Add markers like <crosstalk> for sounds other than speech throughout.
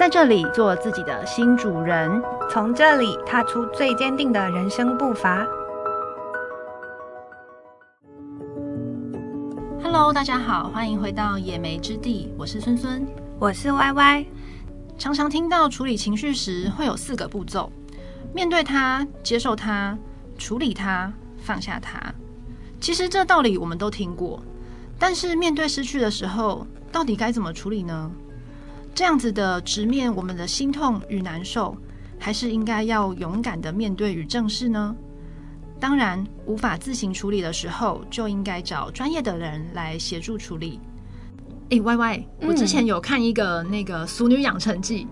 在這裡做自己的新主人，從這裡踏出最堅定的人生步伐。Hello，大家好，歡迎回到野莓之地，我是孫孫，我是 YY。常常聽到處理情緒時會有四個步驟：面對它、接受它、處理它、放下它。其實這道理我們都聽過，但是面對失去的時候，到底該怎麼處理呢？這樣子的直面我們的心痛與難受，還是應該要勇敢的面對與正視呢？當然，無法自行處理的時候，就應該找專業的人來協助處理。哎，Y Y，我之前有看一個那個《俗女養成記》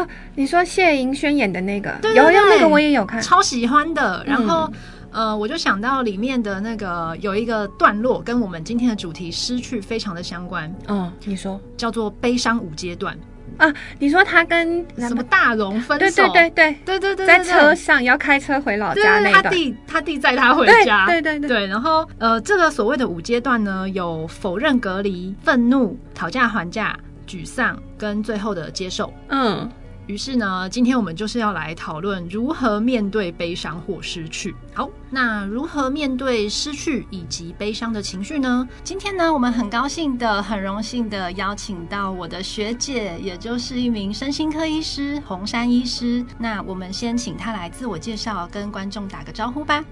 啊，你說謝盈萱演的那個，對對對，有那個我也有看，超喜歡的。然後，嗯、呃，我就想到裡面的那個有一個段落，跟我們今天的主題失去非常的相關。嗯，你說，叫做悲傷五階段。啊，你說他跟什麼大榮分手？對對對對對對對，對對對對對在車上要開車回老家那個，他弟他弟載他回家，對對對對。然後呃，這個所謂的五階段呢，有否認隔、隔離、憤怒、討價還價、沮喪，跟最後的接受。嗯。於是呢，今天我們就是要來討論如何面對悲傷或失去。好，那如何面對失去以及悲傷的情緒呢？今天呢，我們很高興的、很榮幸的邀請到我的學姐，也就是一名身心科醫師，洪珊醫師。那我們先請她來自我介紹，跟觀眾打個招呼吧。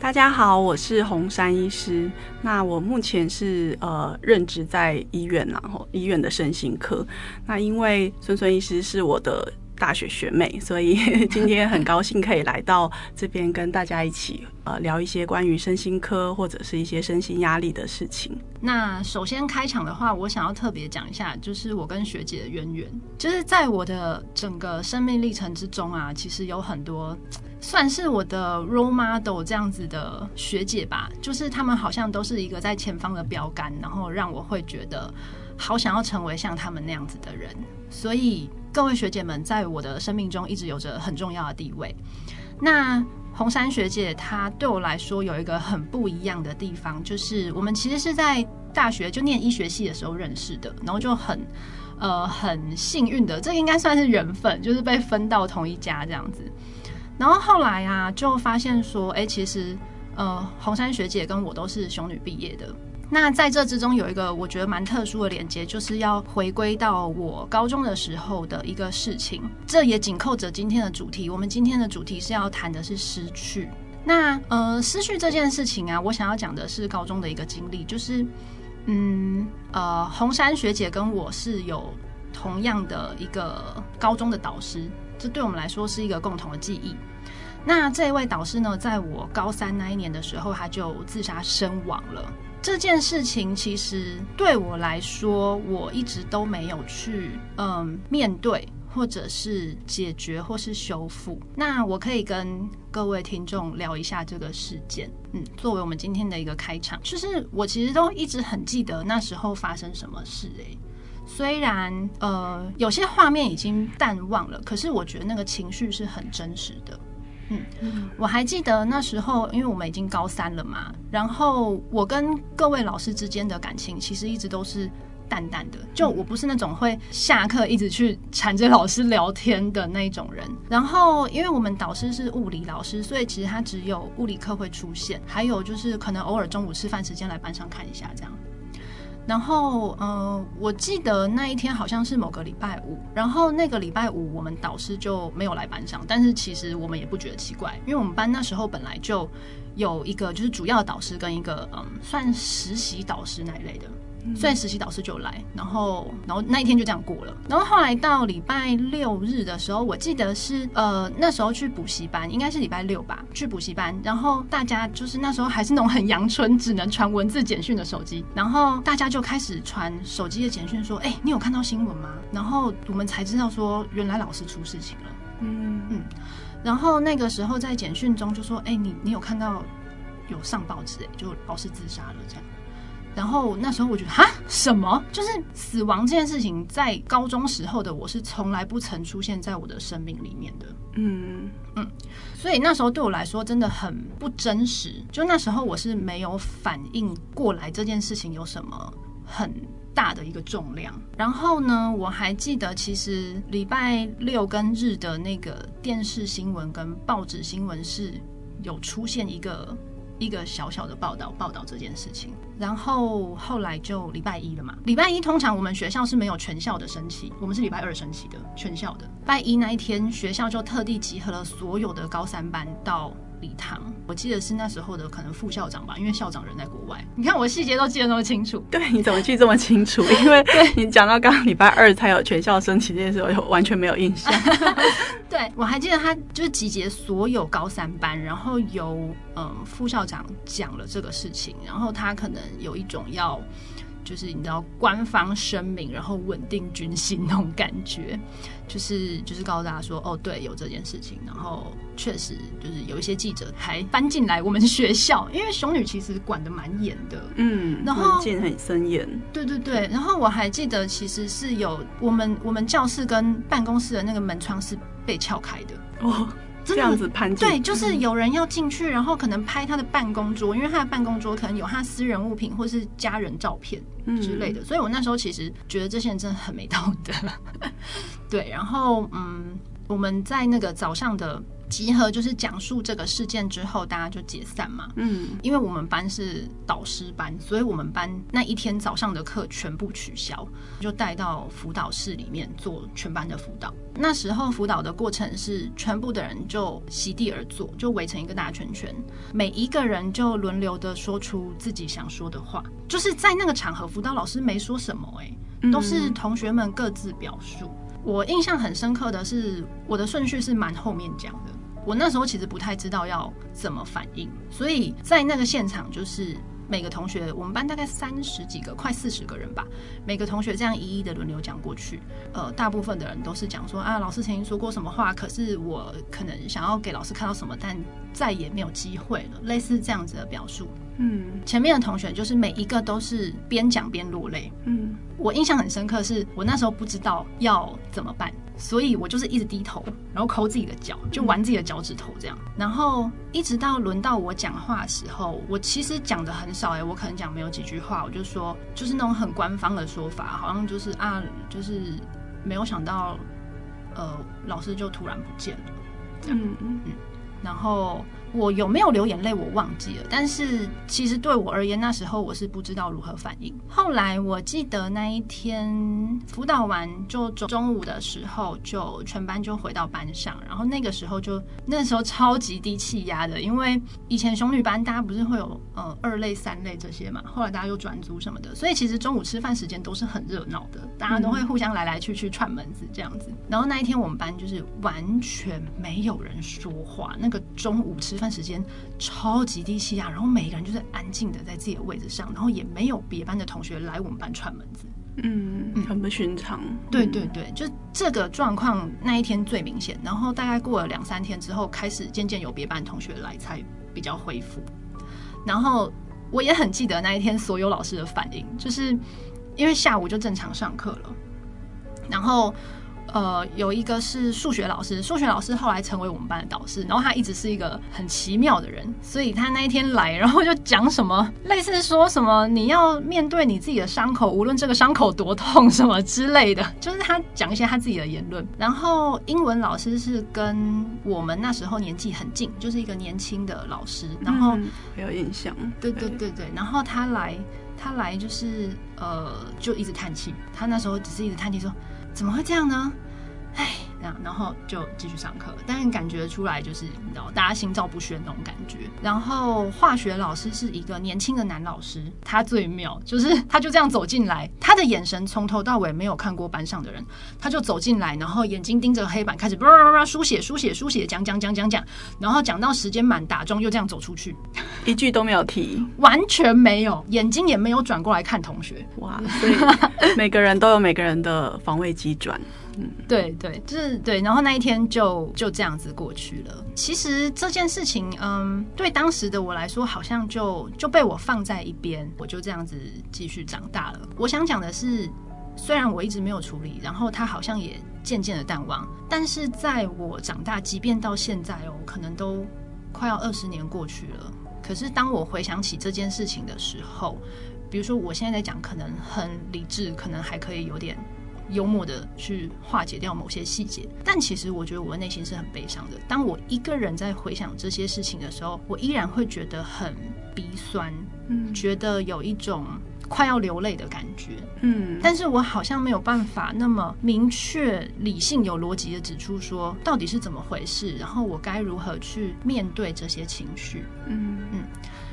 大家好，我是洪珊醫師。那我目前是呃任職在醫院、啊，然後醫院的身心科。那因為孫孫醫師是我的大學學妹，所以今天很高興可以來到這邊跟大家一起呃聊一些關於身心科或者是一些身心壓力的事情。那首先開場的話，我想要特別講一下，就是我跟學姐的淵源，就是在我的整個生命歷程之中啊，其實有很多，算是我的 role model 這樣子的學姐吧，就是他們好像都是一個在前方的標杆，然後讓我會覺得好想要成為像他們那樣子的人。所以各位學姐們在我的生命中一直有着很重要的地位。那洪珊學姐她對我來說有一個很不一樣的地方，就是我們其實是在大學就念醫學系的時候認識的，然後就很呃很幸運的，這個應該算是緣分，就是被分到同一家這樣子。然後後來啊，就發現說，哎，其實，呃，洪珊學姐跟我都是雄女畢業的。那在這之中有一個我覺得蠻特殊的連接，就是要回歸到我高中的時候的一個事情。這也緊扣着今天的主題。我們今天的主題是要談的是失去。那呃，失去這件事情啊，我想要講的是高中的一個經歷，就是，嗯，呃，洪珊學姐跟我是有同樣的一個高中的導師。這對我們來說是一個共同的記憶。那這位導師呢，在我高三那一年的時候，他就自殺身亡了。這件事情其實對我來說，我一直都沒有去嗯、呃，面對，或者是解決，或是修復。那我可以跟各位聽眾聊一下這個事件，嗯，作為我們今天的一個開場。就是我其實都一直很記得那時候發生什麼事，欸。雖然呃有些畫面已經淡忘了，可是我覺得那個情緒是很真實的。嗯，我還記得那時候，因為我們已經高三了嘛，然後我跟各位老師之間的感情其實一直都是淡淡的。就我不是那種會下課一直去纏着老師聊天的那種人。然後因為我們導師是物理老師，所以其實他只有物理課會出現，還有就是可能偶爾中午吃飯時間來班上看一下這樣。然後，嗯，呃，我記得那一天好像是某個禮拜五。然後那個禮拜五，我們導師就沒有來班上，但是其實我們也不覺得奇怪，因為我們班那時候本來就有一個就是主要導師跟一個嗯算實習導師那一類的。雖然實習導師就來，然後，然後那一天就這樣過了。然後後來到禮拜六日的時候，我記得是呃那時候去補習班，應該是禮拜六吧，去補習班。然後大家就是那時候還是那種很陽春，只能傳文字簡訊的手機。然後大家就開始傳手機的簡訊，說：“欸，你有看到新聞嗎？”然後我們才知道說，原來老師出事情了。嗯嗯。然後那個時候在簡訊中就說：“欸，你你有看到有上報紙欸，就老師自殺了這樣。”然後那時候我覺得，哈，什麼？就是死亡這件事情，在高中時候的我是從來不曾出現在我的生命裡面的。嗯嗯，所以那時候對我來說真的很不真實。就那時候我是沒有反應過來這件事情有什麼很大的一個重量。然後呢，我還記得其實禮拜六跟日的那個電視新聞跟報紙新聞是有出現一個。一個小小的報道報道這件事情，然後後來就禮拜一了嘛。禮拜一通常我們學校是沒有全校的升旗，我們是禮拜二升旗的全校的。禮拜一那一天，學校就特地集合了所有的高三班到。禮堂，我記得是那時候的可能副校長吧，因為校長人在國外。你看我細節都記得那麼清楚，對，你怎麼記這麼清楚因為 <laughs> 對你講到剛剛禮拜二才有全校升旗這件事，我就完全沒有印象。 <laughs> 對我還記得他就是集結所有高三班，然後由嗯副校長講了這個事情，然後他可能有一種要。就是你知道官方聲明，然後穩定軍心那種感覺，就是就是告訴大家說，哦，對，有這件事情，然後確實就是有一些記者還搬進來我們學校，因為熊女其實管得蠻嚴的，嗯，很嚴很森嚴，對對對，然後我還記得其實是有我們我們教室跟辦公室的那個門窗是被撬開的。這樣子攀，對，就是有人要進去，然後可能拍他的辦公桌，嗯、因為他的辦公桌可能有他私人物品，或是家人照片之類的。嗯、所以我那時候其實覺得這些人真的很沒道德。 <laughs> 對，然後嗯，我們在那個早上的。集合就是講述這個事件之後，大家就解散嘛。嗯，因為我們班是導師班，所以我們班那一天早上的課全部取消，就帶到輔導室裡面做全班的輔導。那時候輔導的過程是全部的人就席地而坐，就圍成一個大圈圈，每一個人就輪流的說出自己想說的話。就是在那個場合，輔導老師沒說什麼，欸，哎，都是同學們各自表述。嗯，我印象很深刻的是，我的順序是蠻後面講的。我那時候其實不太知道要怎麼反應，所以在那個現場，就是每個同學，我們班大概三十幾個，快四十個人吧，每個同學這樣一一的輪流講過去。呃，大部分的人都是講說啊，老師曾經說過什麼話，可是我可能想要給老師看到什麼，但再也沒有機會了，類似這樣子的表述。嗯，前面的同學就是每一個都是邊講邊落淚。嗯，我印象很深刻是，是我那時候不知道要怎麼辦，所以我就是一直低頭，然後摳自己的腳，就玩自己的腳趾頭這樣。嗯、然後一直到輪到我講話的時候，我其實講的很少哎、欸，我可能講沒有幾句話，我就說就是那種很官方的說法，好像就是啊，就是沒有想到，呃，老師就突然不見了。嗯嗯嗯，然後。我有沒有流眼淚，我忘記了。但是其實對我而言，那時候我是不知道如何反應。後來我記得那一天輔導完就中中午的時候，就全班就回到班上，然後那個時候就那時候超級低氣壓的，因為以前雄女班大家不是會有呃二類三類這些嘛，後來大家又轉組什麼的，所以其實中午吃飯時間都是很熱鬧的，大家都會互相來來去去串門子這樣子。嗯、然後那一天我們班就是完全沒有人說話，那個中午吃。那段時間超級低氣壓，然後每一個人就是安靜的在自己的位置上，然後也沒有別班的同學來我們班串門子。嗯，嗯，很不尋常。對對對，就這個狀況那一天最明顯。然後大概過了兩三天之後，開始漸漸有別班同學來，才比較恢復。然後我也很記得那一天所有老師的反應，就是因為下午就正常上課了，然後。呃，有一個是數學老師，數學老師後來成為我們班的導師，然後他一直是一個很奇妙的人，所以他那一天來，然後就講什麼，類似說什麼你要面對你自己的傷口，無論這個傷口多痛什麼之類的，就是他講一些他自己的言論。然後英文老師是跟我們那時候年紀很近，就是一個年輕的老師，然後，嗯，沒有印象，對，對對對對，然後他來，他來就是呃，就一直嘆氣，他那時候只是一直嘆氣說。怎麼會這樣呢？哎。啊、然後就繼續上課，但感覺出來就是，你知道，大家心照不宣那種感覺。然後化學老師是一個年輕的男老師，他最妙就是，他就這樣走進來，他的眼神從頭到尾沒有看過班上的人，他就走進來，然後眼睛盯着黑板，開始刷刷刷書寫書寫書寫講講講講講，然後講到時間滿打鐘，打鐘又這樣走出去，一句都沒有提，完全沒有，眼睛也沒有轉過來看同學。哇，所以 <laughs> 每個人都有每個人的防衛機轉。嗯、對對，就是對，然後那一天就就這樣子過去了。其實這件事情，嗯，對當時的我來說，好像就就被我放在一邊，我就這樣子繼續長大了。我想講的是，雖然我一直沒有處理，然後他好像也漸漸的淡忘，但是在我長大，即便到現在哦，可能都快要二十年過去了。可是當我回想起這件事情的時候，比如說我現在在講，可能很理智，可能還可以有點。幽默的去化解掉某些細節，但其實我覺得我內心是很悲傷的。當我一個人在回想這些事情的時候，我依然會覺得很鼻酸，嗯，覺得有一種快要流淚的感覺，嗯。但是我好像沒有辦法那麼明確、理性、有邏輯地指出說到底是怎麼回事，然後我該如何去面對這些情緒，嗯嗯。嗯。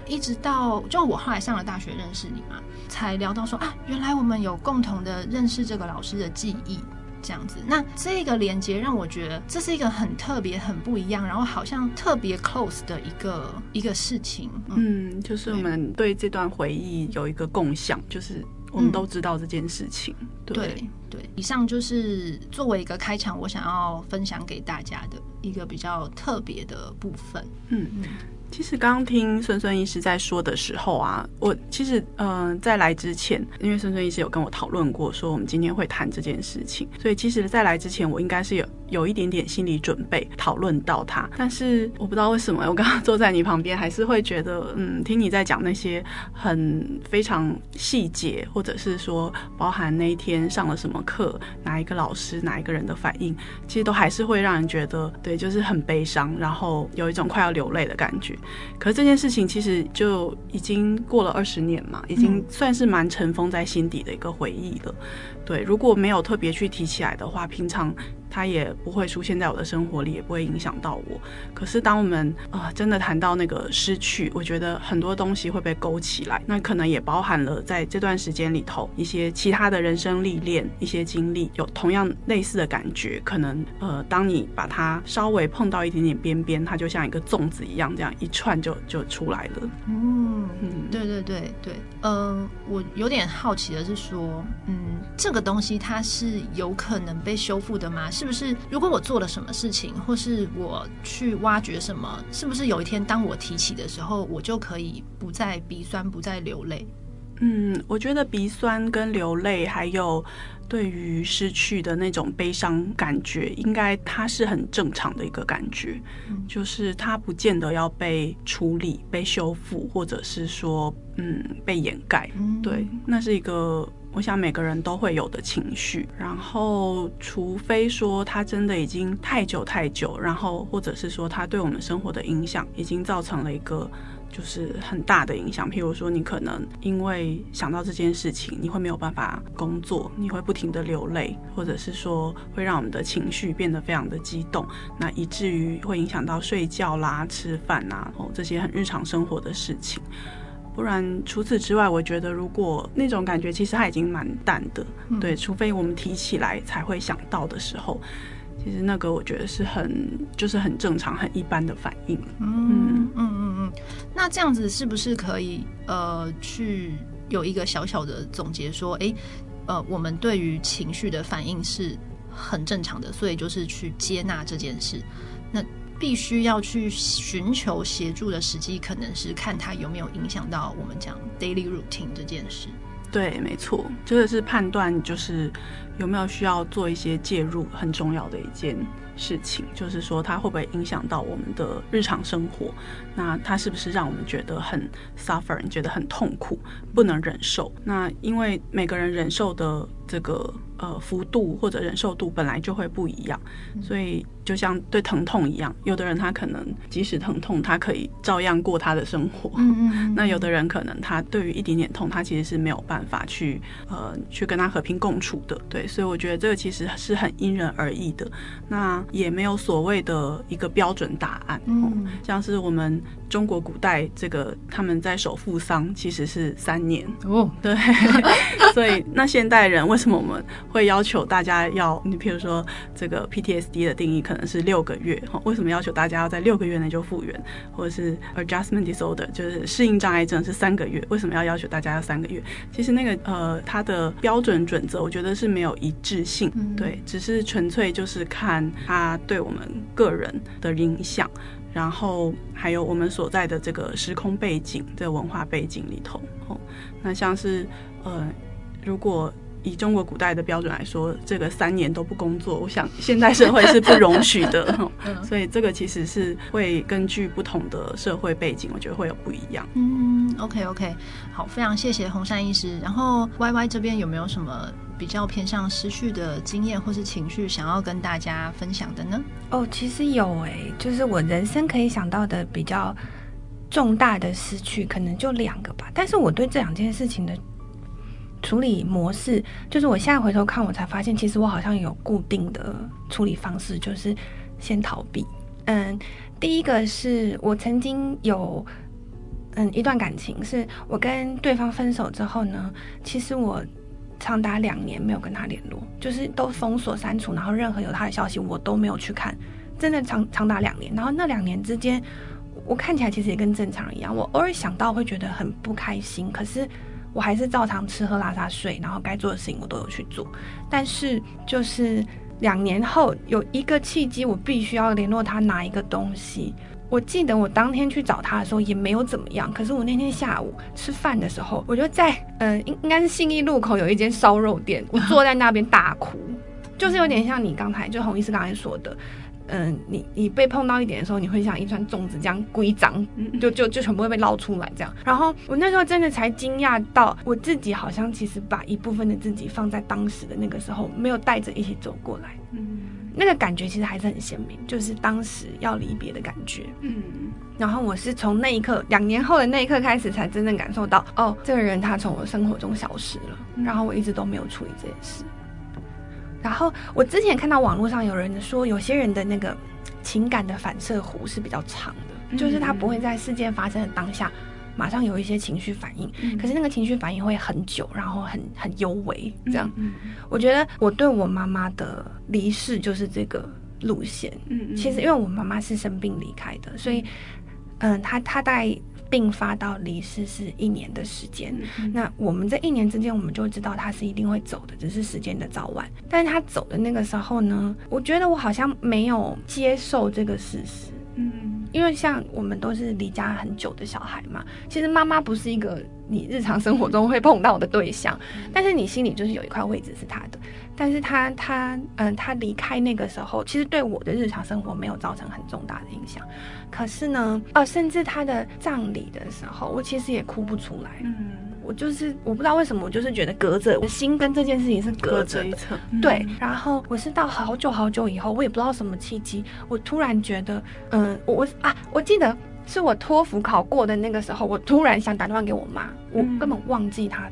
一直到，就我後來上了大學認識你嘛，才聊到說啊，原來我們有共同的認識這個老師的記憶這樣子。那這個連接讓我覺得這是一個很特別、很不一樣，然後好像特別 close 的一個一個事情。嗯，嗯，就是我們對這段回憶有一個共享，對就是我們都知道這件事情。嗯、對對，對，以上就是作為一個開場，我想要分享給大家的一個比較特別的部分。嗯嗯。嗯其實剛剛聽孫孫醫師在說的時候啊，我其實嗯、呃、在來之前，因為孫孫醫師有跟我討論過，說我們今天會談這件事情，所以其實在來之前，我應該是有有一點點心理準備討論到他。但是我不知道為什麼，我剛剛坐在你旁邊，還是會覺得嗯聽你在講那些很非常細節，或者是說包含那一天上了什麼課，哪一個老師哪一個人的反應，其實都還是會讓人覺得對，就是很悲傷，然後有一種快要流淚的感覺。可是這件事情其實就已經過了二十年嘛，已經算是蠻塵封在心底的一個回憶了。對，如果沒有特別去提起來的話，平常。它也不會出現在我的生活裡，也不會影響到我。可是，當我們啊、呃，真的談到那個失去，我覺得很多東西會被勾起來。那可能也包含了在這段時間裡頭一些其他的人生歷練、一些經歷，有同樣類似的感覺。可能，呃，當你把它稍微碰到一點點邊邊，它就像一個粽子一樣，這樣一串就就出來了。嗯，對對對對，嗯、呃，我有點好奇的是說，嗯，這個東西它是有可能被修復的嗎？是。是不是如果我做了什麼事情，或是我去挖掘什麼，是不是有一天當我提起的時候，我就可以不再鼻酸，不再流淚？嗯，我覺得鼻酸跟流淚，還有對於失去的那種悲傷感覺，應該它是很正常的一個感覺，嗯、就是它不見得要被處理、被修復，或者是說，嗯，被掩蓋。嗯、對，那是一個。我想每個人都會有的情緒，然後除非說他真的已經太久太久，然後或者是說他對我們生活的影響已經造成了一個就是很大的影響，譬如說你可能因為想到這件事情，你會沒有辦法工作，你會不停地流淚，或者是說會讓我們的情緒變得非常的激動，那以至於會影響到睡覺啦、吃飯啦，哦，這些很日常生活的事情。不然，除此之外，我覺得如果那種感覺其實它已經蠻淡的，嗯、對，除非我們提起來才會想到的時候，其實那個我覺得是很就是很正常、很一般的反應。嗯嗯嗯嗯，那這樣子是不是可以呃去有一個小小的總結說，哎，呃，我們對於情緒的反應是很正常的，所以就是去接納這件事。那必須要去尋求協助的時機，可能是看他有沒有影響到我們講 daily routine 這件事。對，沒錯，這個是判斷，就是、就是。有沒有需要做一些介入很重要的一件事情，就是說，它會不會影響到我們的日常生活？那它是不是讓我們覺得很 suffer，覺得很痛苦，不能忍受？那因為每個人忍受的這個呃幅度或者忍受度本來就會不一樣，所以就像對疼痛一樣，有的人他可能即使疼痛，他可以照樣過他的生活。嗯嗯嗯。那有的人可能他對於一點點痛，他其實是沒有辦法去呃去跟他和平共處的。對。所以我覺得這個其實是很因人而異的，那也沒有所謂的一個標準答案，嗯、哦，像是我們。中國古代這個他們在守父喪其實是三年哦，對，所以那現代人為什麼我們會要求大家要，你譬如說這個 PTSD 的定義可能是六個月，為什麼要求大家要在六個月內就復原？或者是 Adjustment Disorder，就是適應障礙症是三個月，為什麼要要求大家要三個月？其實那個呃，它的標準準則我覺得是沒有一致性，嗯、對，只是純粹就是看它對我們個人的影響。然後還有我們所在的這個時空背景，在、這個、文化背景裡頭，吼、哦，那像是呃，如果，以中國古代的標準來說，這個三年都不工作，我想現代社會是不容許的。 <laughs> 嗯、所以這個其實是會根據不同的社會背景，我覺得會有不一樣。嗯，OK OK，好，非常謝謝洪珊醫師。然後 Y Y 這邊有沒有什麼比較偏向失去的經驗或是情緒想要跟大家分享的呢？哦，其實有哎、欸，就是我人生可以想到的比較重大的失去，可能就兩個吧。但是我對這兩件事情的處理模式就是，我現在回頭看，我才發現，其實我好像有固定的處理方式，就是先逃避。嗯，第一個是我曾經有嗯一段感情，是我跟對方分手之後呢，其實我長達兩年沒有跟他聯絡，就是都封鎖、刪除，然後任何有他的消息我都沒有去看，真的長長達兩年。然後那兩年之間，我看起來其實也跟正常人一樣，我偶爾想到會覺得很不開心，可是，我還是照常吃喝拉撒睡，然後該做的事情我都有去做。但是就是兩年後有一個契機，我必須要聯絡他拿一個東西。我記得我當天去找他的時候也沒有怎麼樣，可是，我那天下午吃飯的時候，我就在呃，應該是信義路口有一間燒肉店，我坐在那邊大哭， <laughs> 就是有點像你剛才，就紅醫師剛才說的。嗯，你你被碰到一點的時候，你會像一串粽子這樣規章，就就就全部會被撈出來這樣。然後我那時候真的才驚訝到，我自己好像其實把一部分的自己放在當時的那個時候，沒有帶着一起走過來。嗯，那個感覺其實還是很鮮明，就是當時要離別的感覺。嗯，然後我是從那一刻，兩年後的那一刻開始，才真正感受到，哦，這個人他從我生活中消失了，嗯，然後我一直都沒有處理這件事。然後我之前看到網絡上有人說，有些人的那個情感的反射弧是比較長的，就是他不會在事件發生的當下馬上有一些情緒反應，嗯、可是那個情緒反應會很久，然後很很幽微這樣。嗯嗯、我覺得我對我媽媽的離世就是這個路線。嗯，嗯其實因為我媽媽是生病離開的，所以嗯，他、呃、他帶。併發到離世是一年的時間，嗯、那我們這一年之間，我們就知道他是一定會走的，只是時間的早晚。但是他走的那個時候呢，我覺得我好像沒有接受這個事實，嗯，因為像我們都是離家很久的小孩嘛，其實媽媽不是一個你日常生活中會碰到的對象，嗯、但是你心裡就是有一塊位置是他的。但是他他嗯，呃、他離開那個時候，其實對我的日常生活沒有造成很重大的影響。可是呢，呃、啊，甚至他的葬禮的時候，我其實也哭不出來。嗯，我就是我不知道為什麼，我就是覺得隔着，我的心跟這件事情是隔着隔一層。對，嗯、然後我是到好久好久以後，我也不知道什麼契機，我突然覺得，嗯、呃，我啊，我記得是我托福考過的那個時候，我突然想打電話給我媽，嗯、我根本忘記她，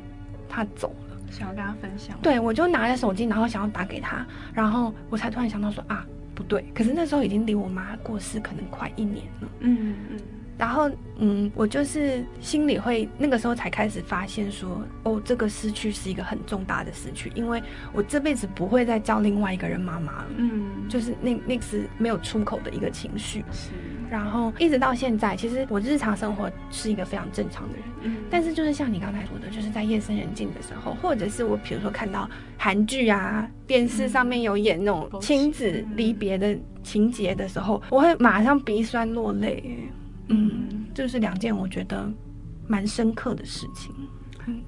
她走了，想要跟她分享。對，我就拿着手機，然後想要打給她，然後我才突然想到說啊。不對，可是那時候已經離我媽過世可能快一年了。嗯嗯。然後，嗯，我就是心裡會那個時候才開始發現說，哦，這個失去是一個很重大的失去，因為我這輩子不會再叫另外一個人媽媽了。嗯，就是那那次沒有出口的一個情緒。是。然後一直到現在，其實我日常生活是一個非常正常的人。嗯。但是就是像你剛才說的，就是在夜深人靜的時候，或者是我比如說看到韓劇啊，電視上面有演那種親子離別的情節的時候，我會馬上鼻酸落淚。嗯，就是兩件我覺得蠻深刻的事情。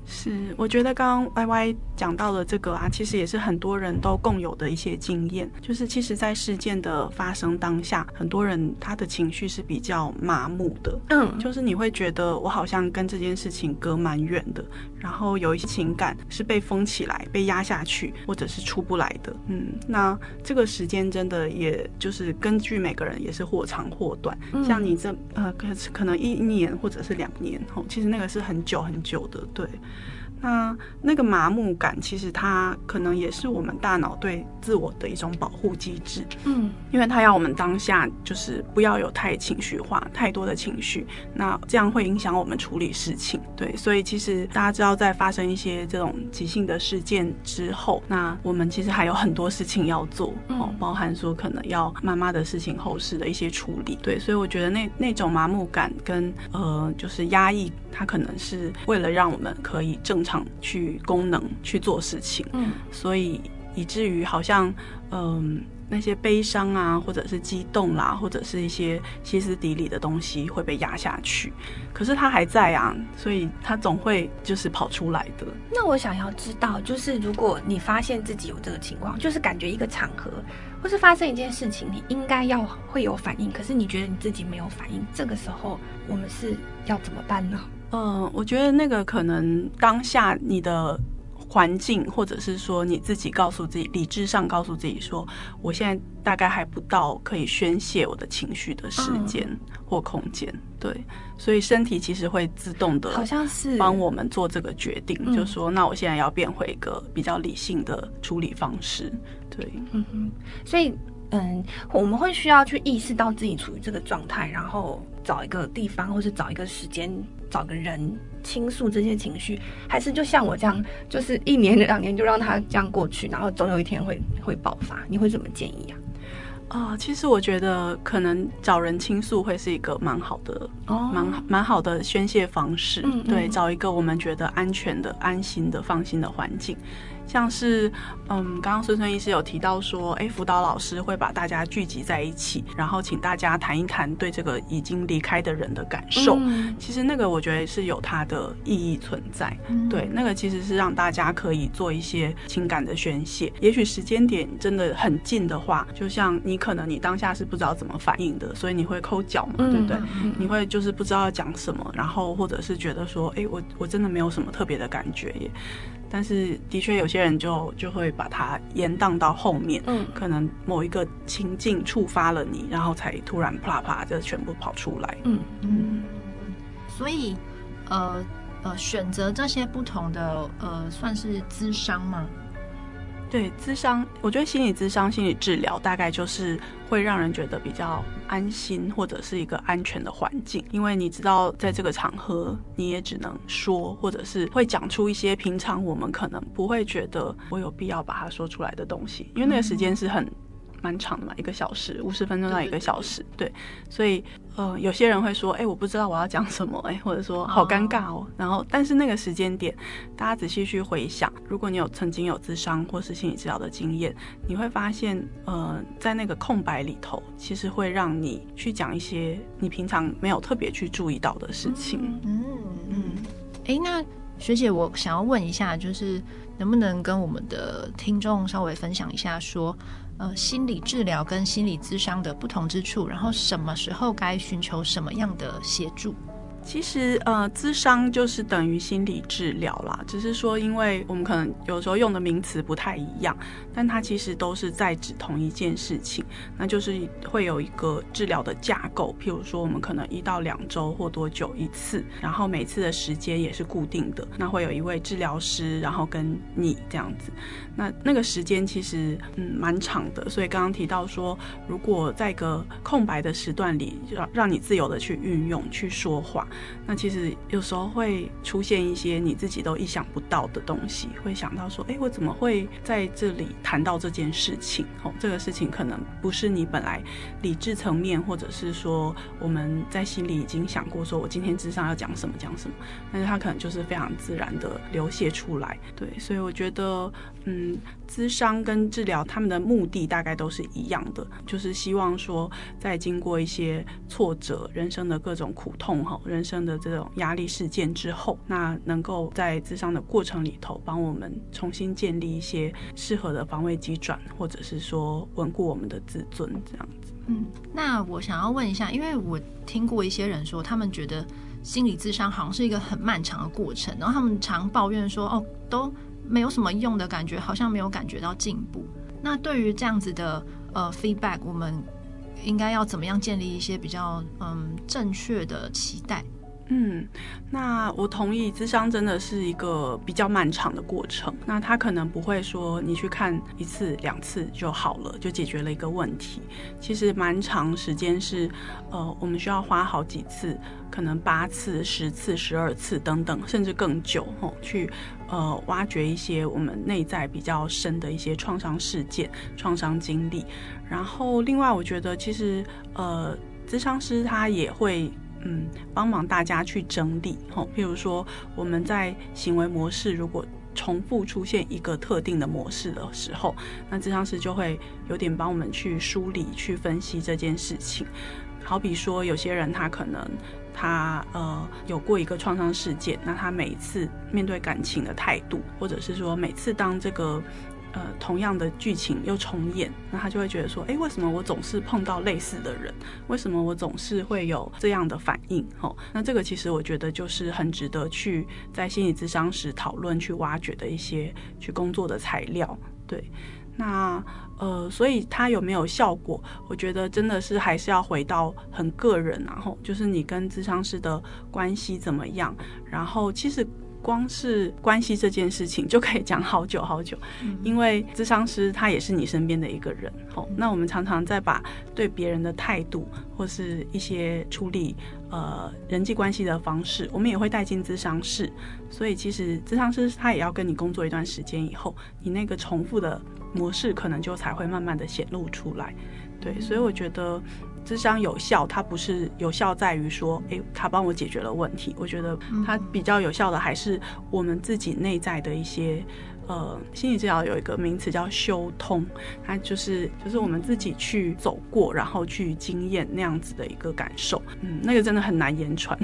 是，我覺得剛剛 YY 講到的這個啊，其實也是很多人都共有的一些經驗。就是其實，在事件的發生當下，很多人他的情緒是比較麻木的。嗯，就是你會覺得我好像跟這件事情隔蠻遠的，然後有一些情感是被封起來、被壓下去，或者是出不來的。嗯，那這個時間真的也就是根據每個人也是或長或短。嗯，像你這呃，可可能一年或者是兩年，其實那個是很久很久的。對。對。那那個麻木感，其實它可能也是我們大腦對自我的一種保護機制，嗯，因為它要我們當下就是不要有太情緒化、太多的情緒，那這樣會影響我們處理事情，對。所以其實大家知道，在發生一些這種急性的事件之後，那我們其實還有很多事情要做，哦，包含說可能要媽媽的事情、後事的一些處理，對。所以我覺得那那種麻木感跟呃，就是壓抑，它可能是為了讓我們可以正。場去功能去做事情，嗯，所以以至於好像，嗯、呃，那些悲傷啊，或者是激動啦、啊，或者是一些歇斯底里的東西會被壓下去，可是它還在啊，所以它總會就是跑出來的。那我想要知道，就是如果你發現自己有這個情況，就是感覺一個場合或是發生一件事情，你應該要會有反應，可是你覺得你自己沒有反應，這個時候我們是要怎麼辦呢？嗯，我覺得那個可能當下你的環境，或者是說你自己告訴自己，理智上告訴自己說，我現在大概還不到可以宣洩我的情緒的時間或空間，嗯、對，所以身體其實會自動的，好像是幫我們做這個決定，就是說、嗯、那我現在要變回一個比較理性的處理方式，對，嗯哼，所以嗯，我們會需要去意識到自己處於這個狀態，然後找一個地方，或是找一個時間。找個人傾訴這些情緒，還是就像我這樣，就是一年兩年就讓他這樣過去，然後總有一天會會爆發，你會怎麼建議啊？啊、呃，其實我覺得可能找人傾訴會是一個蠻好的，蠻蠻、哦、好的宣洩方式。嗯嗯對，找一個我們覺得安全的、安心的、放心的環境。像是，嗯，剛剛孫孫醫師有提到說，哎，輔導老師會把大家聚集在一起，然後請大家談一談對這個已經離開的人的感受。嗯、其實那個我覺得是有它的意義存在，嗯、對，那個其實是讓大家可以做一些情感的宣洩。也許時間點真的很近的話，就像你可能你當下是不知道怎麼反應的，所以你會摳腳嘛，對不對？嗯、你會就是不知道要講什麼，然後或者是覺得說，哎，我我真的沒有什麼特別的感覺耶。但是的確，有些人就就會把它延宕到後面，嗯，可能某一個情境觸發了你，然後才突然啪啪就全部跑出來，嗯嗯。所以，呃呃，選擇這些不同的呃，算是諮商嗎？對，諮商，我覺得心理諮商、心理治療大概就是會讓人覺得比較安心，或者是一個安全的環境。因為你知道，在這個場合，你也只能說，或者是會講出一些平常我們可能不會覺得我有必要把它說出來的東西。因為那個時間是很。蠻長的嘛，一個小時，五十分鐘到一個小時，對，對，對，對，所以，呃，有些人會說，哎、欸，我不知道我要講什麼、欸，哎，或者說，好尷尬哦。哦然後，但是那個時間點，大家仔細去回想，如果你有曾經有諮商、或是心理治療的經驗，你會發現，呃，在那個空白裡頭，其實會讓你去講一些你平常沒有特別去注意到的事情。嗯嗯，哎、嗯嗯，那學姐，我想要問一下，就是能不能跟我們的聽眾稍微分享一下說，呃，心理治療跟心理諮商的不同之處，然後什麼時候該尋求什麼樣的協助？其實，呃，諮商就是等於心理治療啦，只是說因為我們可能有時候用的名詞不太一樣，但它其實都是在指同一件事情，那就是會有一個治療的架構，譬如說我們可能一到兩週或多久一次，然後每次的時間也是固定的，那會有一位治療師，然後跟你這樣子。那那個時間其實嗯蠻長的，所以剛剛提到說，如果在一個空白的時段裡讓讓你自由的去運用去說話，那其實有時候會出現一些你自己都意想不到的東西，會想到說，誒、欸，我怎麼會在這裡談到這件事情？哦，這個事情可能不是你本來理智層面，或者是說我們在心裡已經想過，說我今天之上要講什麼講什麼，但是它可能就是非常自然的流瀉出來。對，所以我覺得嗯。諮商跟治療，他們的目的大概都是一樣的，就是希望說，在經過一些挫折、人生的各種苦痛、人生的這種壓力事件之後，那能夠在諮商的過程裡頭，幫我們重新建立一些適合的防衛機轉，或者是說穩固我們的自尊，這樣子。嗯，那我想要問一下，因為我聽過一些人說，他們覺得心理諮商好像是一個很漫長的過程，然後他們常抱怨說，哦，都。沒有什麼用的感覺，好像沒有感覺到進步。那對於這樣子的呃 feedback，我們應該要怎麼樣建立一些比較嗯正確的期待？嗯，那我同意，諮商真的是一個比較漫長的過程。那他可能不會說你去看一次兩次就好了，就解決了一個問題。其實蠻長時間是呃，我們需要花好幾次，可能八次、十次、十二次等等，甚至更久哦，去。呃，挖掘一些我們內在比較深的一些創傷事件、創傷經歷。然後，另外我覺得，其實呃，諮商師他也會嗯，幫忙大家去整理。吼、哦，譬如說我們在行為模式如果重複出現一個特定的模式的時候，那諮商師就會有點幫我們去梳理、去分析這件事情。好比說，有些人他可能。他呃有過一個創傷事件，那他每一次面對感情的態度，或者是說每次當這個呃同樣的劇情又重演，那他就會覺得說，誒，為什麼我總是碰到類似的人？為什麼我總是會有這樣的反應？哦，那這個其實我覺得就是很值得去在心理諮商室討論、去挖掘的一些去工作的材料，對。那呃，所以它有沒有效果？我覺得真的是還是要回到很個人、啊，然後就是你跟諮商師的關係怎麼樣，然後其實。光是關係這件事情就可以講好久好久，嗯、因為諮商師他也是你身邊的一個人、嗯哦。那我們常常在把對別人的態度或是一些處理呃人際關係的方式，我們也會帶進諮商室。所以其實諮商師他也要跟你工作一段時間以後，你那個重複的模式可能就才會慢慢的顯露出來。對，所以我覺得。諮商有效，它不是有效在於說，哎、欸，它幫我解決了問題。我覺得它比較有效的還是我們自己內在的一些。呃，心理治療有一個名詞叫修通，它就是就是我們自己去走過，然後去經驗那樣子的一個感受，嗯，那個真的很難言傳，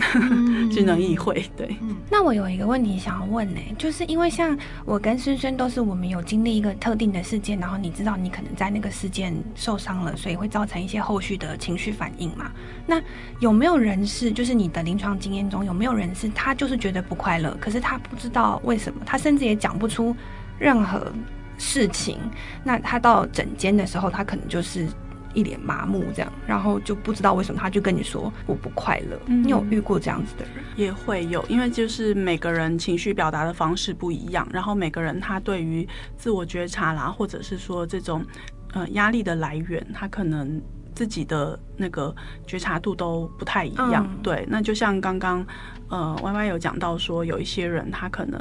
只、嗯、 <laughs> 能意會。對、嗯，那我有一個問題想要問呢，就是因為像我跟孫孫都是我們有經歷一個特定的事件，然後你知道你可能在那個事件受傷了，所以會造成一些後續的情緒反應嘛？那有沒有人是，就是你的臨床經驗中有沒有人是，他就是覺得不快樂，可是他不知道為什麼，他甚至也講不出。任何事情，那他到診間的時候，他可能就是一臉麻木這樣，然後就不知道為什麼，他就跟你說我不快樂。嗯嗯。你有遇過這樣子的人？也會有，因為就是每個人情緒表達的方式不一樣，然後每個人他對於自我覺察啦，或者是說這種呃壓力的來源，他可能自己的那個覺察度都不太一樣。嗯、對，那就像剛剛呃 YY 有講到說，有一些人他可能。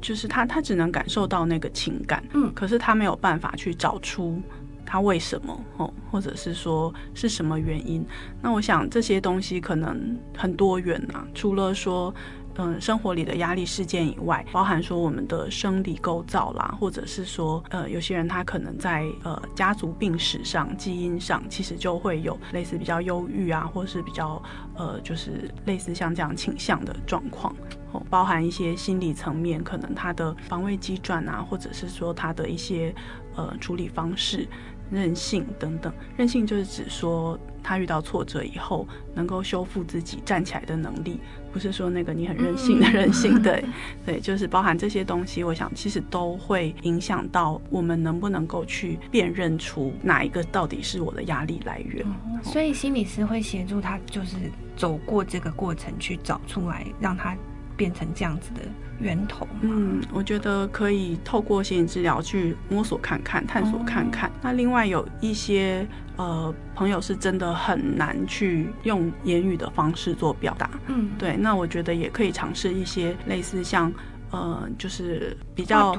就是他，他只能感受到那個情感，嗯，可是他沒有辦法去找出他為什麼，或者是說是什麼原因。那我想這些東西可能很多元啊，除了說。嗯，生活裡的壓力事件以外，包含說我們的生理構造啦，或者是說，呃，有些人他可能在呃家族病史上、基因上，其實就會有類似比較憂鬱啊，或是比較呃，就是類似像這樣傾向的狀況。哦，包含一些心理層面，可能他的防衛機轉啊，或者是說他的一些呃處理方式、任性等等。任性就是指說。他遇到挫折以後，能夠修復自己站起來的能力，不是說那個你很任性的、嗯、任性，對對，就是包含這些東西。我想其實都會影響到我們能不能夠去辨認出哪一個到底是我的壓力來源。嗯、所以心理師會協助他，就是走過這個過程去找出來，讓他變成這樣子的源頭，嗯，我覺得可以透過心理治療去摸索看看、探索看看。哦、那另外有一些呃朋友是真的很難去用言語的方式做表達，嗯，對，那我覺得也可以嘗試一些類似像。呃，就是比較，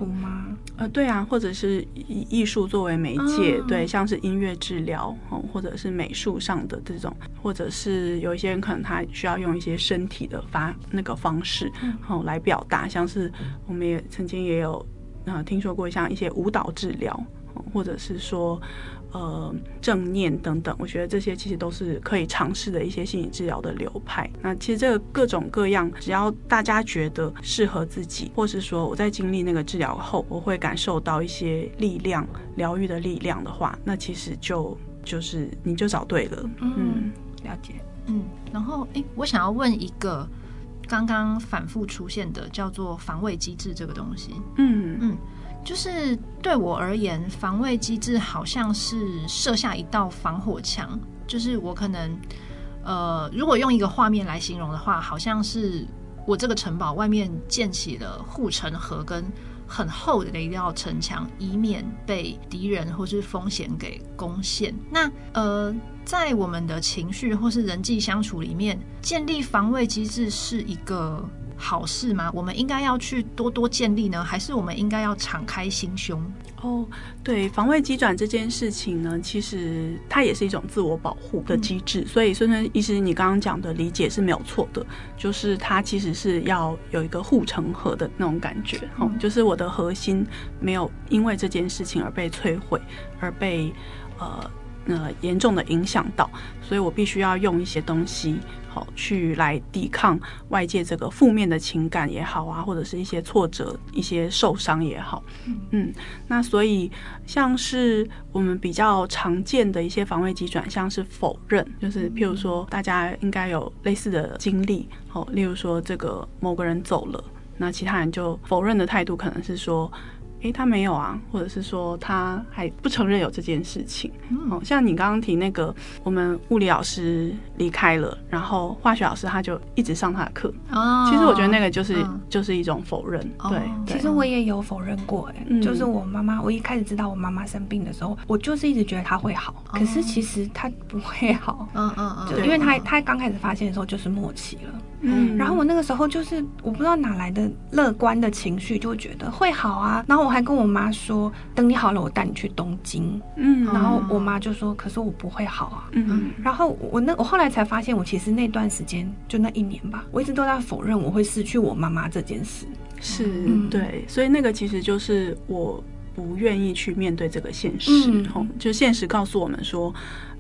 呃，對啊，或者是以藝術作為媒介，嗯、對，像是音樂治療、嗯、或者是美術上的這種，或者是有一些人可能他需要用一些身體的發那個方式，哦、嗯嗯，來表達，像是我們也曾經也有，呃，聽說過像一些舞蹈治療、嗯，或者是說。呃，正念等等，我覺得這些其實都是可以嘗試的一些心理治療的流派。那其實這個各種各樣，只要大家覺得適合自己，或是說我在經歷那個治療後，我會感受到一些力量、療癒的力量的話，那其實就就是你就找對了。嗯，嗯，了解。嗯，然後誒，我想要問一個剛剛反復出現的叫做防衛機制這個東西。嗯嗯。嗯就是對我而言，防衛機制好像是設下一道防火牆。就是我可能，呃，如果用一個畫面來形容的話，好像是我這個城堡外面建起了護城河跟很厚的一道城牆，以免被敵人或是風險給攻陷。那呃，在我們的情緒或是人際相處裡面，建立防衛機制是一個。好事嗎？我們應該要去多多建立呢，還是我們應該要敞開心胸？哦，對，防衛機轉這件事情呢，其實它也是一種自我保護的機制。嗯、所以孫孫醫師，你剛剛講的理解是沒有錯的，就是它其實是要有一個護城河的那種感覺，嗯哦。就是我的核心沒有因為這件事情而被摧毀，而被呃呃嚴重的影響到，所以我必須要用一些東西。好，去來抵抗外界這個負面的情感也好啊，或者是一些挫折，一些受傷也好。嗯，那所以像是我們比較常見的一些防衛機轉，像是否認，就是譬如說大家應該有類似的經歷，好，例如說這個某個人走了，那其他人就否認的態度可能是說，哎，他沒有啊，或者是說他還不承認有這件事情。嗯、哦，像你剛剛提那個，我們物理老師離開了，然後化學老師他就一直上他的課。哦，其實我覺得那個就是、嗯、就是一種否認。哦、對，其實我也有否認過、欸，哎、嗯，就是我媽媽，我一開始知道我媽媽生病的時候，我就是一直覺得她會好，可是其實她不會好。嗯嗯嗯，因為她她剛開始發現的時候就是末期了。嗯，然後我那個時候就是我不知道哪來的樂觀的情緒，就覺得會好啊。然後我還跟我媽說，等你好了，我帶你去東京。嗯、哦，然後我媽就說，可是我不會好啊。嗯、嗯，然後我那我後來才發現，我其實那段時間就那一年吧，我一直都在否認我會失去我媽媽這件事。是、嗯、對，所以那個其實就是我不願意去面對這個現實。吼、嗯，就現實告訴我們說。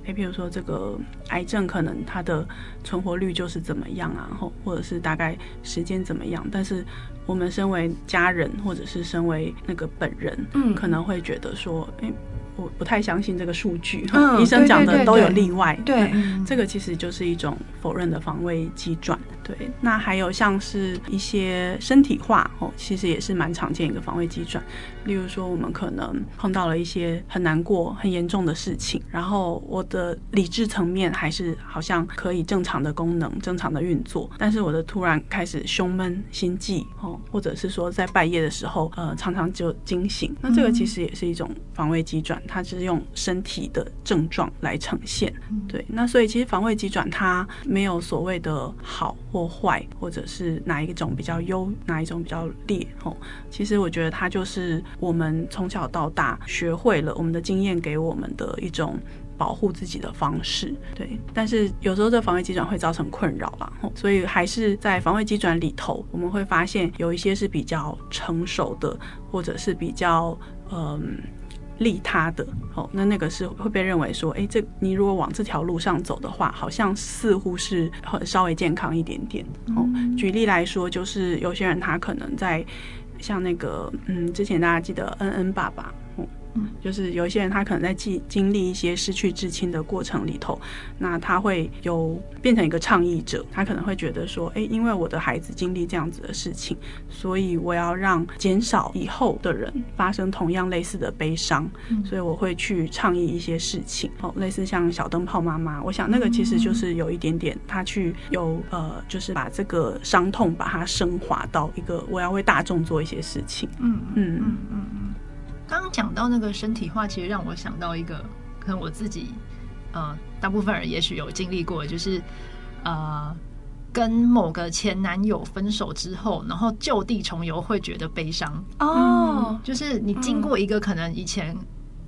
誒，譬如說這個癌症，可能它的存活率就是怎麼樣啊，或者是大概時間怎麼樣。但是我們身為家人，或者是身為那個本人，嗯，可能會覺得說誒，我不太相信這個數據。嗯、醫生講的都有例外。嗯、對，對，對，對，這個其實就是一種否認的防衛機轉。對，那還有像是一些身體化哦，其實也是蠻常見一個防衛機轉，例如說我們可能碰到了一些很難過、很嚴重的事情，然後我的理智層面還是好像可以正常的功能、正常的運作，但是我的突然開始胸悶、心悸哦，或者是說在半夜的時候，呃，常常就驚醒，嗯、那這個其實也是一種防衛機轉，它是用身體的症狀來呈現。嗯、對，那所以其實防衛機轉它沒有所謂的好或壞，或者是哪一種比較優，哪一種比較劣？吼，其實我覺得它就是我們從小到大學會了我們的經驗給我們的一種保護自己的方式，對。但是有時候這防衛機轉會造成困擾啦，吼，所以還是在防衛機轉裡頭，我們會發現有一些是比較成熟的，或者是比較嗯。呃利他的，哦，那那個是會被認為說，哎、欸，這你如果往這條路上走的話，好像似乎是很稍微健康一點點。哦、嗯，舉例來說，就是有些人他可能在，像那個，嗯，之前大家記得恩恩爸爸。就是有一些人，他可能在經經歷一些失去至親的過程裡頭，那他會有變成一個倡議者，他可能會覺得說，誒，因為我的孩子經歷這樣子的事情，所以我要讓減少以後的人發生同樣類似的悲傷，所以我會去倡議一些事情，哦，類似像小燈泡媽媽，我想那個其實就是有一點點，他去有呃，就是把這個傷痛把它昇華到一個，我要為大眾做一些事情，嗯嗯嗯嗯。剛講到那個身體化，其實讓我想到一個，可能我自己，呃，大部分人也許有經歷過，就是，呃，跟某個前男友分手之後，然後舊地重遊會覺得悲傷哦，嗯，就是你經過一個可能以前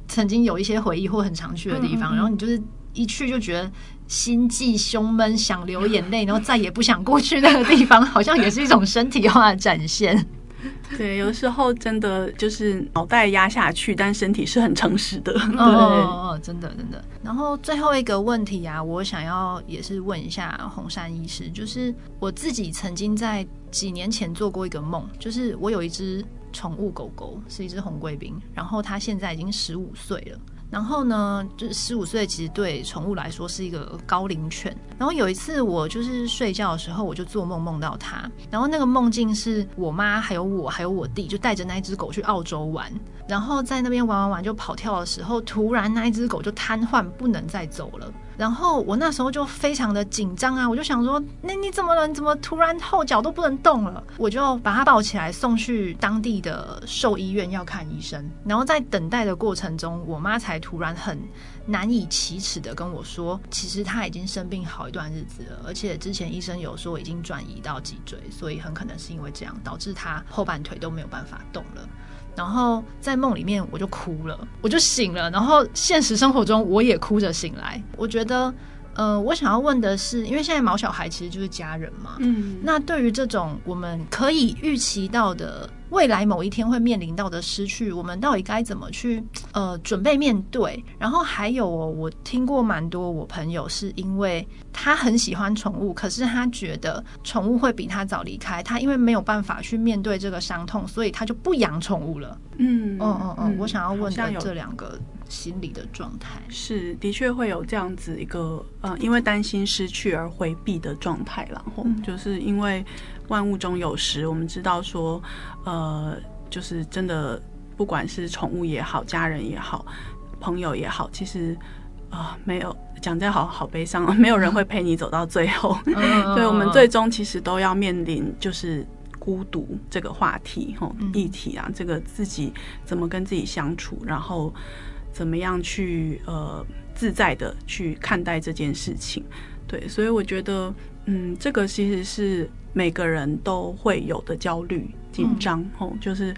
曾經有一些回憶或很常去的地方，嗯，然後你就是一去就覺得心悸、胸悶、想流眼淚，然後再也不想過去那個地方，好像也是一種身體化的展現。 <laughs> 對，有時候真的就是腦袋壓下去，但身體是很誠實的。哦，哦，哦，真的真的。然後最後一個問題啊，我想要也是問一下洪珊醫師，就是我自己曾經在幾年前做過一個夢，就是我有一只寵物狗狗，是一只紅貴賓，然後它現在已經十五歲了。然後呢，就十五歲，其實對寵物來說是一個高齡犬。然後有一次，我就是睡覺的時候，我就做夢夢到它。然後那個夢境是我媽還有我還有我弟，就帶着那一隻狗去澳洲玩。然後在那邊玩玩玩，就跑跳的時候，突然那一只狗就癱瘓，不能再走了。然後我那時候就非常的緊張啊，我就想說，那你，你怎麼了？你怎麼突然後腳都不能動了？我就把它抱起來送去當地的獸醫院要看醫生。然後在等待的過程中，我媽才突然很難以啟齒的跟我說，其實他已經生病好一段日子了，而且之前醫生有說已經轉移到脊椎，所以很可能是因為這樣導致他後半腿都沒有辦法動了。然後在夢裡面我就哭了，我就醒了，然後現實生活中我也哭着醒來。我覺得，呃，我想要問的是，因為現在毛小孩其實就是家人嘛，嗯，那對於這種我們可以預期到的。未來某一天會面臨到的失去，我們到底該怎麼去呃準備面對？然後還有哦，我聽過蠻多我朋友是因為他很喜歡寵物，可是他覺得寵物會比他早離開，他因為沒有辦法去面對這個傷痛，所以他就不養寵物了。嗯，嗯，嗯嗯嗯，我想要問的這兩個心理的狀態是的確會有這樣子一個呃，因為擔心失去而回避的狀態，然後就是因為。萬物中有時，我們知道說，呃，就是真的，不管是寵物也好，家人也好，朋友也好，其實啊、呃，沒有講在好好悲傷、哦，沒有人會陪你走到最後。嗯、 <laughs> 對，我們最終其實都要面臨就是孤獨這個話題吼、喔嗯、議題啊，這個自己怎麼跟自己相處，然後怎麼樣去呃自在的去看待這件事情，對，所以我覺得。嗯，這個其實是每個人都會有的焦慮、緊張，吼、哦哦，就是，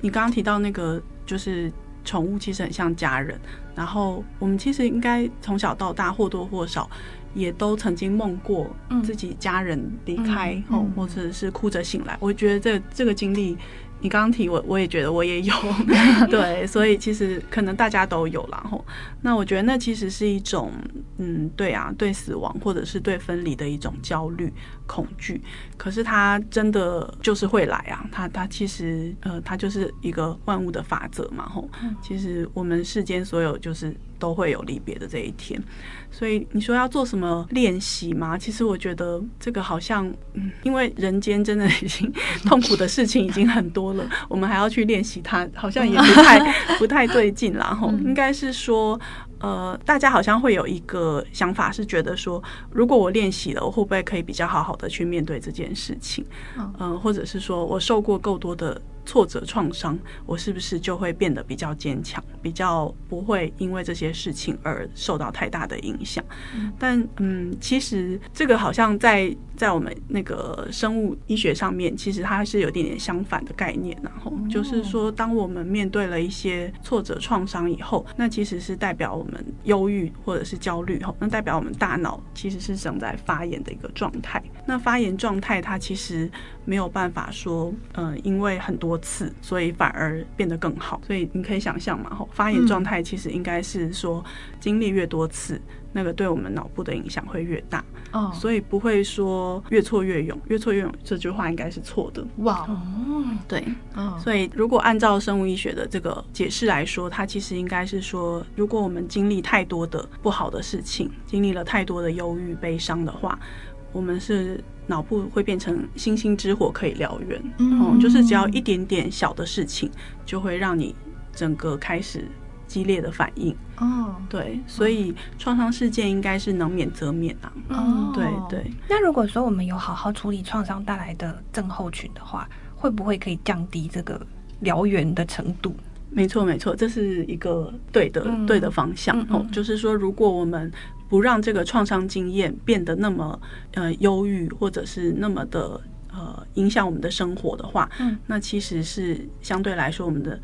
你剛剛提到那個，就是寵物其實很像家人，然後我們其實應該從小到大或多或少也都曾經夢過自己家人離開，嗯、或者是哭着醒來。我覺得這這個經歷。你剛剛提我，我也覺得我也有，對，所以其實可能大家都有了，然後那我覺得那其實是一種，嗯，對啊，對死亡或者是對分離的一種焦慮。恐懼，可是它真的就是會來啊！它它其實，呃，它就是一個萬物的法則嘛，吼。其實我們世間所有就是都會有離別的這一天，所以你說要做什麼練習嗎？其實我覺得這個好像，嗯，因為人間真的已經痛苦的事情已經很多了， <laughs> 我們還要去練習它，好像也不太 <laughs> 不太對勁啦，吼。應該是說。呃，大家好像會有一個想法，是覺得說，如果我練習了，我會不會可以比較好好的去面對這件事情？嗯、哦呃，或者是說我受過夠多的。挫折創傷，我是不是就會變得比較堅強，比較不會因為這些事情而受到太大的影響？嗯，但嗯，其實這個好像在在我們那個生物醫學上面，其實它是有一點點相反的概念、啊。然後、嗯哦、就是說，當我們面對了一些挫折創傷以後，那其實是代表我們憂鬱或者是焦慮，吼，那代表我們大腦其實是正在發炎的一個狀態。那發炎狀態，它其實沒有辦法說，嗯、呃，因為很多。次，所以反而變得更好，所以你可以想象嘛，吼，發炎狀態其實應該是說，嗯，經歷越多次，那個對我們腦部的影響會越大，哦，oh. 所以不會說越挫越勇，越挫越勇這句話應該是錯的，哇，Wow. 對，oh. 所以如果按照生物醫學的這個解釋來說，它其實應該是說，如果我們經歷太多的不好的事情，經歷了太多的憂鬱悲傷的話。我們是腦部會變成星星之火可以燎原，嗯，嗯，就是只要一點點小的事情，就會讓你整個開始激烈的反應，哦，對，哦、所以創傷事件應該是能免則免啊，嗯、哦，對對。那如果說我們有好好處理創傷帶來的症候群的話，會不會可以降低這個燎原的程度？沒錯沒錯，這是一個對的、嗯、對的方向、嗯嗯、哦，就是說如果我們。不讓這個創傷經驗變得那麼呃憂鬱，或者是那麼的呃影響我們的生活的話，嗯，那其實是相對來說，我們的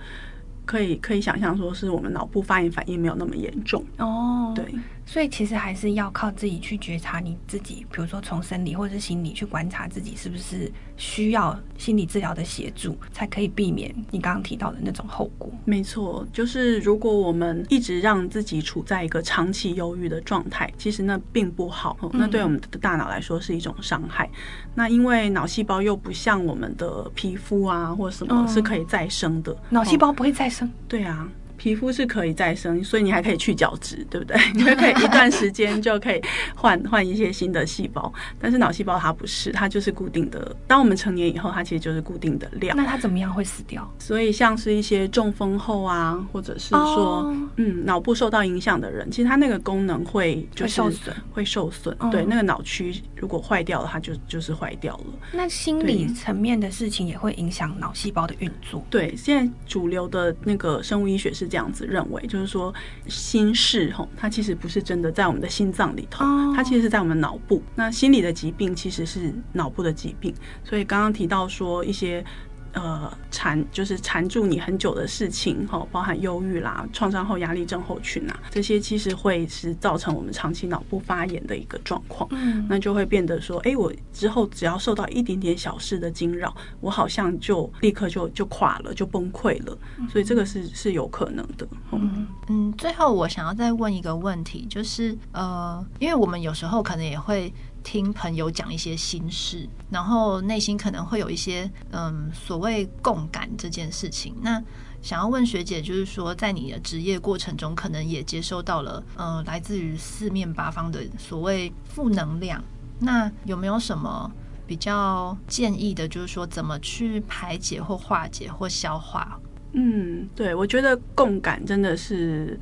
可以可以想象說，是我們腦部發炎反應沒有那麼嚴重哦，對。所以其實還是要靠自己去覺察你自己，比如說從生理或者是心理去觀察自己是不是需要心理治療的協助，才可以避免你剛剛提到的那種後果。沒錯，就是如果我們一直讓自己處在一個長期憂鬱的狀態，其實那並不好，哦、那對我們的大腦來說是一種傷害。嗯、那因為腦細胞又不像我們的皮膚啊或者什麼、嗯、是可以再生的，腦細胞不會再生。哦、對啊。皮膚是可以再生，所以你還可以去角質，對不對？你就可以一段時間就可以換換 <laughs> 一些新的細胞，但是腦細胞它不是，它就是固定的。當我們成年以後，它其實就是固定的量。那它怎麼樣會死掉？所以像是一些中風後啊，或者是說，oh. 嗯，腦部受到影響的人，其實他那個功能會就是，會受損。會受損嗯、對，那個腦區如果壞掉了，它就就是壞掉了。那心理對層面的事情也會影響腦細胞的運作。對，現在主流的那個生物醫學是。這樣子認為，就是說，心事吼，它其實不是真的在我們的心臟裡頭，它其實是在我們腦部。那心理的疾病其實是腦部的疾病，所以剛剛提到說一些。呃，纏就是纏住你很久的事情，吼、哦，包含憂鬱啦、創傷後壓力症候群啊，這些其實會是造成我們長期腦部發炎的一個狀況，嗯，那就會變得說，哎、欸，我之後只要受到一點點小事的驚擾，我好像就立刻就就垮了，就崩潰了，嗯、哼所以這個是是有可能的，嗯嗯。最後，我想要再問一個問題，就是呃，因為我們有時候可能也會。聽朋友講一些心事，然後內心可能會有一些嗯，所謂共感這件事情。那想要問學姐，就是說在你的職業過程中，可能也接收到了嗯，來自於四面八方的所謂負能量。那有沒有什麼比較建議的，就是說怎麼去排解或化解或消化？嗯，對，我覺得共感真的是。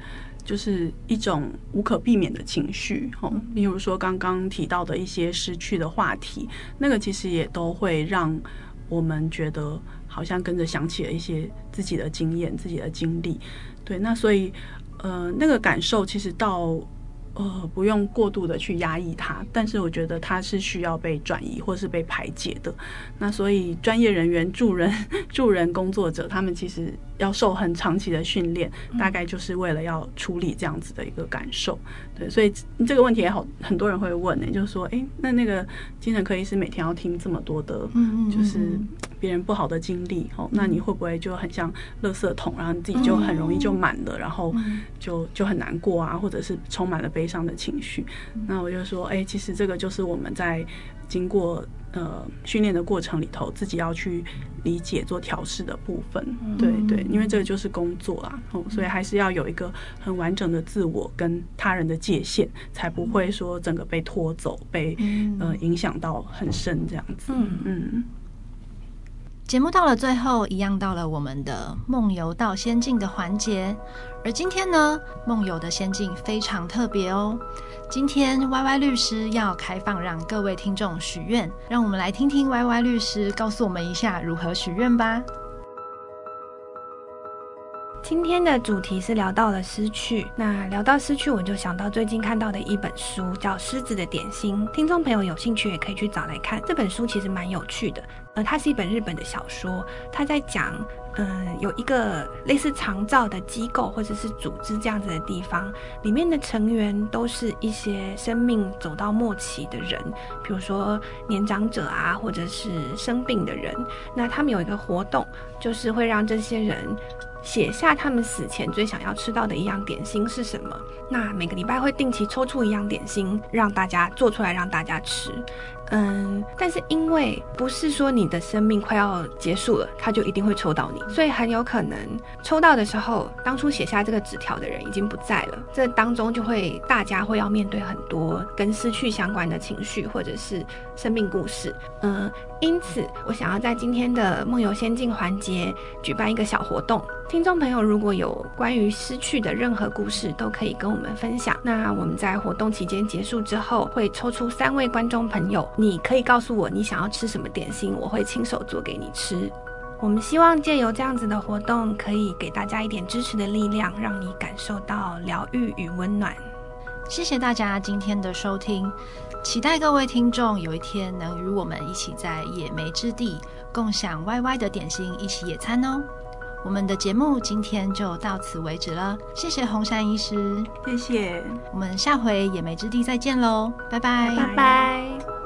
就是一種無可避免的情緒，哈、哦，比如說剛剛提到的一些失去的話題，那個其實也都會讓我們覺得好像跟着想起了一些自己的經驗、自己的經歷，對，那所以，呃，那個感受其實倒，呃，不用過度的去壓抑它，但是我覺得它是需要被轉移或是被排解的，那所以專業人員、助人、助人工作者，他們其實。要受很長期的訓練，大概就是為了要處理這樣子的一個感受，對，所以這個問題也好，很多人會問呢、欸，就是說，誒、欸，那那個精神科醫師每天要聽這麼多的，就是別人不好的經歷，哦、喔，那你會不會就很像垃圾桶，然後你自己就很容易就滿了，然後就就很難過啊，或者是充滿了悲傷的情緒？那我就說，誒、欸，其實這個就是我們在。經過呃訓練的過程裡頭，自己要去理解做調適的部分，嗯、對對，因為這個就是工作啦、啊嗯，所以還是要有一個很完整的自我跟他人的界限，才不會說整個被拖走，嗯、被呃影響到很深這樣子。嗯嗯。嗯，節目到了最後，一樣到了我們的夢遊到仙境的環節。而今天呢，夢遊的仙境非常特別哦。今天歪歪律師要開放讓各位聽眾許願，讓我們來聽聽歪歪律師告訴我們一下如何許願吧。今天的主題是聊到了失去，那聊到失去，我就想到最近看到的一本書，叫《獅子的點心》，聽眾朋友有興趣也可以去找來看。這本書其實蠻有趣的，呃，它是一本日本的小說，它在講。嗯，有一個類似長照的機構或者是組織這樣子的地方，裡面的成員都是一些生命走到末期的人，比如說年長者啊，或者是生病的人。那他們有一個活動，就是會讓這些人寫下他們死前最想要吃到的一樣點心是什麼。那每個禮拜會定期抽出一樣點心讓大家做出來讓大家吃。嗯，但是因為不是說你的生命快要結束了，他就一定會抽到你，所以很有可能抽到的時候，當初寫下這個紙條的人已經不在了。這當中就會大家會要面對很多跟失去相關的情緒或者是生命故事。嗯，因此我想要在今天的夢遊仙境環節舉辦一個小活動，聽眾朋友如果有關於失去的任何故事，都可以跟我們分享。那我們在活動期間結束之後，會抽出三位觀眾朋友。你可以告訴我你想要吃什麼點心，我會親手做給你吃。我們希望借由這樣子的活動，可以給大家一點支持的力量，讓你感受到療癒與溫暖。謝謝大家今天的收聽，期待各位聽眾有一天能與我們一起在野莓之地共享 YY 的點心，一起野餐哦。我們的節目今天就到此為止了，謝謝洪珊醫師，謝謝，我們下回野莓之地再見嘍，拜拜，拜拜。拜拜